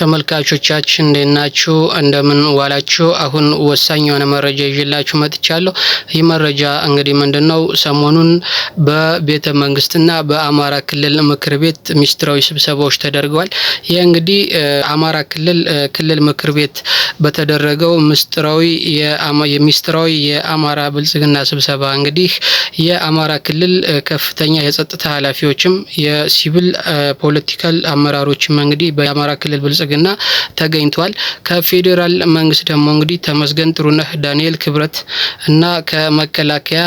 ተመልካቾቻችን እንዴት ናችሁ? እንደምን ዋላችሁ? አሁን ወሳኝ የሆነ መረጃ ይዤላችሁ መጥቻለሁ። ይህ መረጃ እንግዲህ ምንድን ነው? ሰሞኑን በቤተ መንግስትና በአማራ ክልል ምክር ቤት ሚስጥራዊ ስብሰባዎች ተደርገዋል። ይህ እንግዲህ አማራ ክልል ክልል ምክር ቤት በተደረገው ምስጥራዊ የሚስጥራዊ የአማራ ብልጽግና ስብሰባ እንግዲህ የአማራ ክልል ከፍተኛ የጸጥታ ኃላፊዎችም የሲቪል ፖለቲካል አመራሮችም እንግዲህ በአማራ ክልል ብልጽግና ማድረግና ተገኝቷል። ከፌዴራል መንግስት ደግሞ እንግዲህ ተመስገን ጥሩነህ፣ ዳንኤል ክብረት እና ከመከላከያ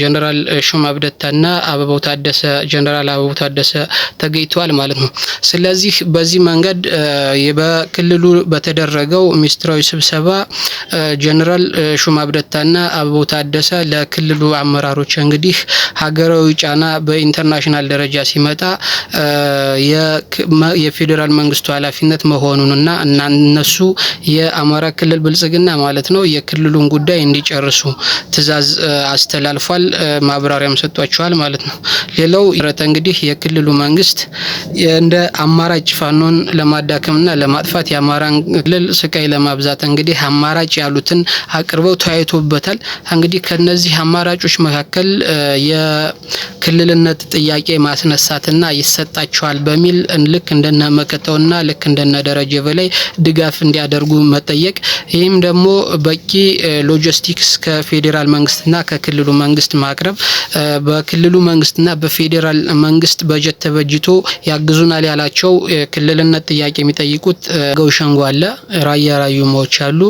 ጀነራል ሹማ ብደታና አበባው ታደሰ ጀነራል አበባው ታደሰ ተገኝተዋል ማለት ነው። ስለዚህ በዚህ መንገድ በክልሉ በተደረገው ሚኒስትራዊ ስብሰባ ጀነራል ሹማ ብደታና አበባው ታደሰ ለክልሉ አመራሮች እንግዲህ ሀገራዊ ጫና በኢንተርናሽናል ደረጃ ሲመጣ የፌዴራል መንግስቱ ኃላፊነት ማለት መሆኑንና እናነሱ የአማራ ክልል ብልጽግና ማለት ነው የክልሉን ጉዳይ እንዲጨርሱ ትዛዝ አስተላልፏል። ማብራሪያም ሰጧቸዋል ማለት ነው። ሌላው ረተ እንግዲህ የክልሉ መንግስት እንደ አማራጭ ፋኖን ለማዳከምና ለማጥፋት የአማራን ክልል ስቃይ ለማብዛት እንግዲህ አማራጭ ያሉትን አቅርበው ተያይቶበታል። እንግዲህ ከነዚህ አማራጮች መካከል የክልልነት ጥያቄ ማስነሳትና ይሰጣቸዋል በሚል ልክ እንደነመከተውና ልክ እንደ ከነ ደረጀ በላይ ድጋፍ እንዲያደርጉ መጠየቅ፣ ይህም ደግሞ በቂ ሎጂስቲክስ ከፌዴራል መንግስትና ከክልሉ መንግስት ማቅረብ፣ በክልሉ መንግስትና በፌዴራል መንግስት በጀት ተበጅቶ ያግዙናል ያላቸው ክልልነት ጥያቄ የሚጠይቁት ገው ሸንጎ አለ፣ ራያ ራዩማዎች አሉ፣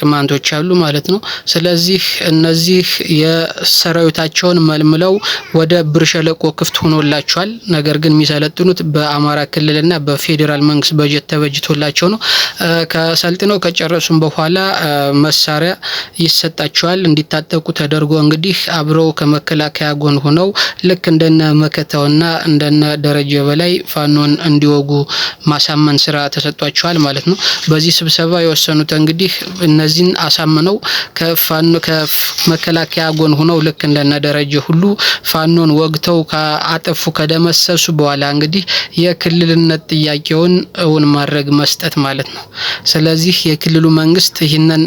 ቅማንቶች አሉ ማለት ነው። ስለዚህ እነዚህ የሰራዊታቸውን መልምለው ወደ ብርሸለቆ ክፍት ሆኖላቸዋል። ነገር ግን የሚሰለጥኑት በአማራ ክልልና በፌዴራል መንግስት በጀት ተበ ተበጅቶላቸው ነው። ከሰልጥነው ከጨረሱም በኋላ መሳሪያ ይሰጣቸዋል እንዲታጠቁ ተደርጎ እንግዲህ አብረው ከመከላከያ ጎን ሆነው ልክ እንደነ መከታውና እንደነ ደረጀ በላይ ፋኖን እንዲወጉ ማሳመን ስራ ተሰጧቸዋል ማለት ነው። በዚህ ስብሰባ የወሰኑት እንግዲህ እነዚህን አሳምነው ከፋኖ ከመከላከያ ጎን ሆነው ልክ እንደነ ደረጀ ሁሉ ፋኖን ወግተው ከአጠፉ ከደመሰሱ በኋላ እንግዲህ የክልልነት ጥያቄውን እውን ማድረግ መስጠት ማለት ነው። ስለዚህ የክልሉ መንግስት ይህንን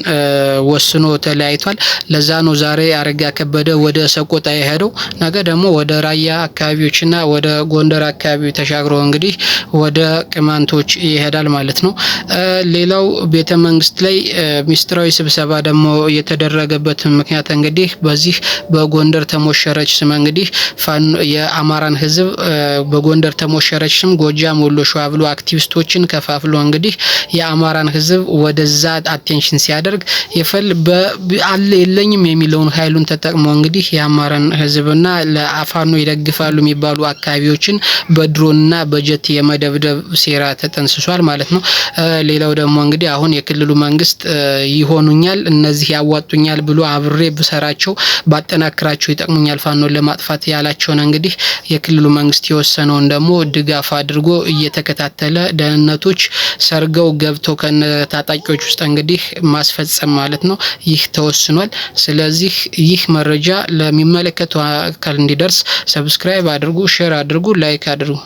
ወስኖ ተለያይቷል። ለዛ ነው ዛሬ አረጋ ከበደ ወደ ሰቆጣ የሄደው። ነገ ደግሞ ወደ ራያ አካባቢዎችና ወደ ጎንደር አካባቢ ተሻግሮ እንግዲህ ወደ ቅማንቶች ይሄዳል ማለት ነው። ሌላው ቤተ መንግስት ላይ ሚስጥራዊ ስብሰባ ደግሞ የተደረገበት ምክንያት እንግዲህ በዚህ በጎንደር ተሞሸረች ስም እንግዲህ የአማራን ህዝብ በጎንደር ተሞሸረች ስም ጎጃም፣ ወሎ፣ ሸዋ ብሎ አክቲቪስቶችን ከፋ ከፋፍሎ እንግዲህ የአማራን ህዝብ ወደዛ አቴንሽን ሲያደርግ የፈል አለ የለኝም የሚለውን ኃይሉን ተጠቅሞ እንግዲህ የአማራን ህዝብና ለአፋኖ ይደግፋሉ የሚባሉ አካባቢዎችን በድሮንና በጀት የመደብደብ ሴራ ተጠንስሷል ማለት ነው። ሌላው ደግሞ እንግዲህ አሁን የክልሉ መንግስት ይሆኑኛል እነዚህ ያዋጡኛል ብሎ አብሬ ብሰራቸው ባጠናክራቸው ይጠቅሙኛል ፋኖን ለማጥፋት ያላቸውን እንግዲህ የክልሉ መንግስት የወሰነውን ደግሞ ድጋፍ አድርጎ እየተከታተለ ደህንነቶች ታጣቂዎች ሰርገው ገብተው ከነ ታጣቂዎች ውስጥ እንግዲህ ማስፈጸም ማለት ነው። ይህ ተወስኗል። ስለዚህ ይህ መረጃ ለሚመለከቱ አካል እንዲደርስ ሰብስክራይብ አድርጉ፣ ሼር አድርጉ፣ ላይክ አድርጉ።